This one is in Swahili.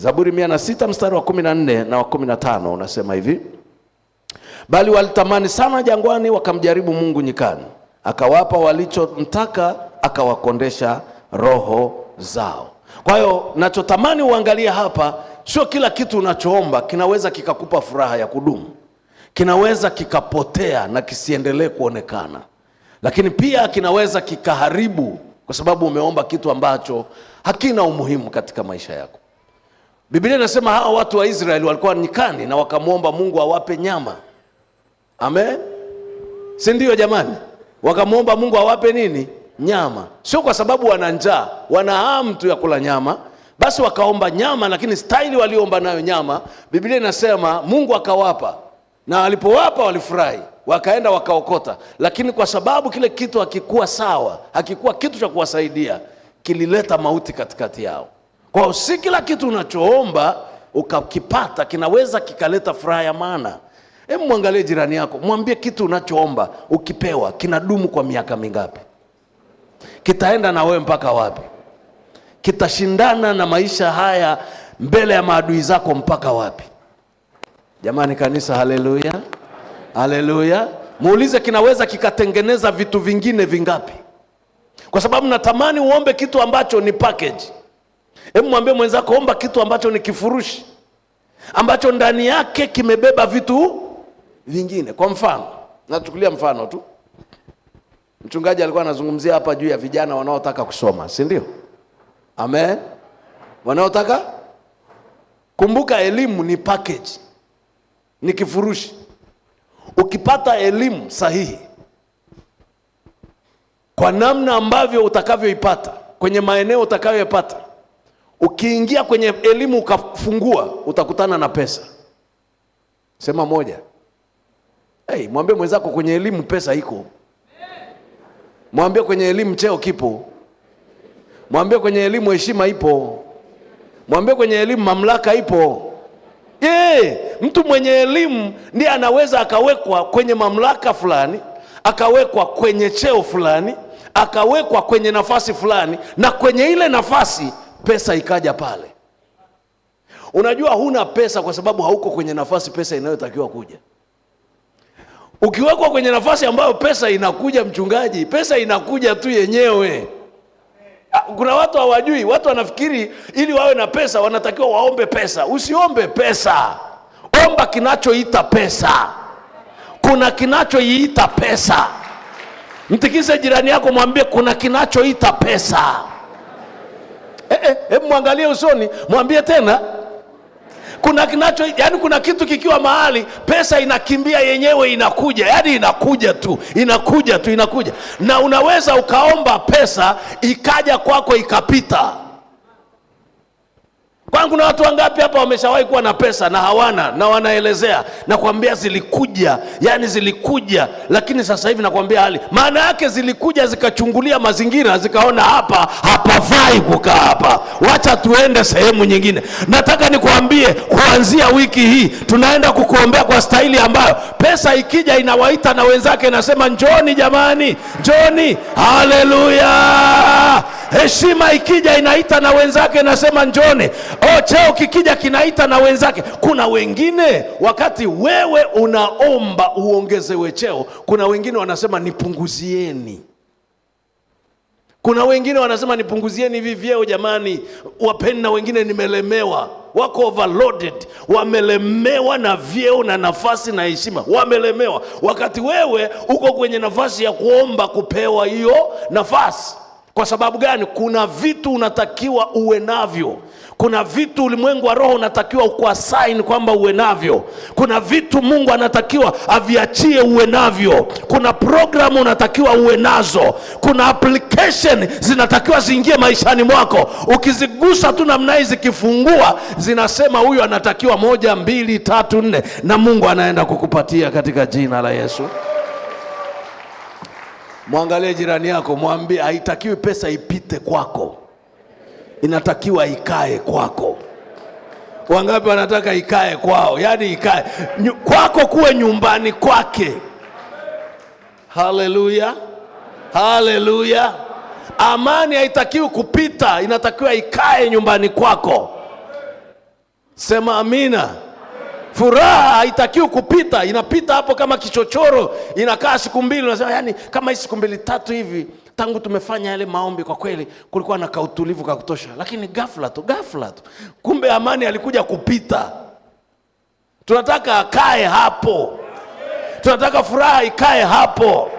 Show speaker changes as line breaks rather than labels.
Zaburi mia na sita mstari wa kumi na nne na wa kumi na tano unasema hivi, bali walitamani sana jangwani, wakamjaribu Mungu nyikani, akawapa walichomtaka, akawakondesha roho zao. Kwa hiyo nachotamani uangalie hapa, sio kila kitu unachoomba kinaweza kikakupa furaha ya kudumu, kinaweza kikapotea na kisiendelee kuonekana, lakini pia kinaweza kikaharibu, kwa sababu umeomba kitu ambacho hakina umuhimu katika maisha yako. Biblia inasema hawa watu wa Israeli walikuwa nyikani na wakamwomba Mungu awape wa nyama. Amen, si ndio jamani? Wakamwomba Mungu awape nini? Nyama. Sio kwa sababu wana njaa, wana hamu tu ya kula nyama. Basi wakaomba nyama, lakini staili walioomba nayo nyama, Biblia inasema Mungu akawapa, na walipowapa walifurahi, wakaenda wakaokota. Lakini kwa sababu kile kitu hakikuwa sawa, hakikuwa kitu cha kuwasaidia, kilileta mauti katikati yao. Kwa hiyo si kila kitu unachoomba ukakipata kinaweza kikaleta furaha ya maana. Hebu mwangalie jirani yako, mwambie kitu unachoomba ukipewa kinadumu kwa miaka mingapi? Kitaenda na wewe mpaka wapi? Kitashindana na maisha haya mbele ya maadui zako mpaka wapi? Jamani kanisa, haleluya, haleluya. Muulize, kinaweza kikatengeneza vitu vingine vingapi? Kwa sababu natamani uombe kitu ambacho ni package Hebu mwambie mwenzako, omba kitu ambacho ni kifurushi, ambacho ndani yake kimebeba vitu vingine. Kwa mfano, nachukulia mfano tu, mchungaji alikuwa anazungumzia hapa juu ya vijana wanaotaka kusoma, si ndio? Amen, wanaotaka kumbuka, elimu ni package, ni kifurushi. Ukipata elimu sahihi kwa namna ambavyo utakavyoipata kwenye maeneo utakayoyapata Ukiingia kwenye elimu ukafungua, utakutana na pesa. Sema moja. Hey, mwambie mwenzako kwenye elimu pesa iko. Mwambie kwenye elimu cheo kipo. Mwambie kwenye elimu heshima ipo. Mwambie kwenye elimu mamlaka ipo. Ye, mtu mwenye elimu ndiye anaweza akawekwa kwenye mamlaka fulani, akawekwa kwenye cheo fulani, akawekwa kwenye nafasi fulani, na kwenye ile nafasi pesa ikaja pale. Unajua huna pesa kwa sababu hauko kwenye nafasi pesa inayotakiwa kuja. Ukiwekwa kwenye nafasi ambayo pesa inakuja, mchungaji, pesa inakuja tu yenyewe. Ah, kuna watu hawajui, watu wanafikiri ili wawe na pesa wanatakiwa waombe pesa. Usiombe pesa, omba kinachoita pesa. Kuna kinachoiita pesa. Mtikise jirani yako, mwambie kuna kinachoita pesa. Eh, eh, hebu mwangalie usoni, mwambie tena kuna kinacho, yani kuna kitu kikiwa mahali, pesa inakimbia yenyewe, inakuja yani inakuja tu inakuja tu inakuja, na unaweza ukaomba pesa ikaja kwako kwa ikapita kwani kuna watu wangapi hapa wameshawahi kuwa na pesa na hawana na wanaelezea kuambia zilikuja yani zilikuja, lakini sasa hivi nakwambia hali maana yake zilikuja zikachungulia mazingira zikaona hapa hapafai kukaa hapa, wacha tuende sehemu nyingine. Nataka nikuambie kuanzia wiki hii tunaenda kukuombea kwa staili ambayo pesa ikija inawaita na wenzake, inasema njoni jamani, njoni haleluya. Heshima ikija inaita na wenzake, nasema njone. O, cheo kikija kinaita na wenzake. Kuna wengine wakati wewe unaomba uongezewe cheo, kuna wengine wanasema nipunguzieni. Kuna wengine wanasema nipunguzieni hivi vyeo jamani, wapeni na wengine nimelemewa. Wako overloaded, wamelemewa na vyeo na nafasi na heshima, wamelemewa. Wakati wewe uko kwenye nafasi ya kuomba kupewa hiyo nafasi kwa sababu gani? Kuna vitu unatakiwa uwe navyo, kuna vitu ulimwengu wa roho unatakiwa kuasaini kwamba uwe navyo, kuna vitu Mungu anatakiwa aviachie uwe navyo, kuna programu unatakiwa uwe nazo, kuna application zinatakiwa ziingie maishani mwako. Ukizigusa tu namna hii, zikifungua zinasema huyu anatakiwa moja, mbili, tatu, nne, na Mungu anaenda kukupatia katika jina la Yesu. Mwangalie jirani yako, mwambie haitakiwi pesa ipite kwako, inatakiwa ikae kwako. Wangapi wanataka ikae kwao? Yaani ikae kwako, kuwe nyumbani kwake. Haleluya, haleluya. Amani haitakiwi kupita, inatakiwa ikae nyumbani kwako. Sema amina. Furaha haitakiwi kupita, inapita hapo kama kichochoro, inakaa siku mbili, unasema yani kama hii siku mbili tatu hivi tangu tumefanya yale maombi, kwa kweli kulikuwa na kautulivu ka kutosha, lakini ghafla tu ghafla tu, kumbe amani alikuja kupita. Tunataka akae hapo, tunataka furaha ikae hapo.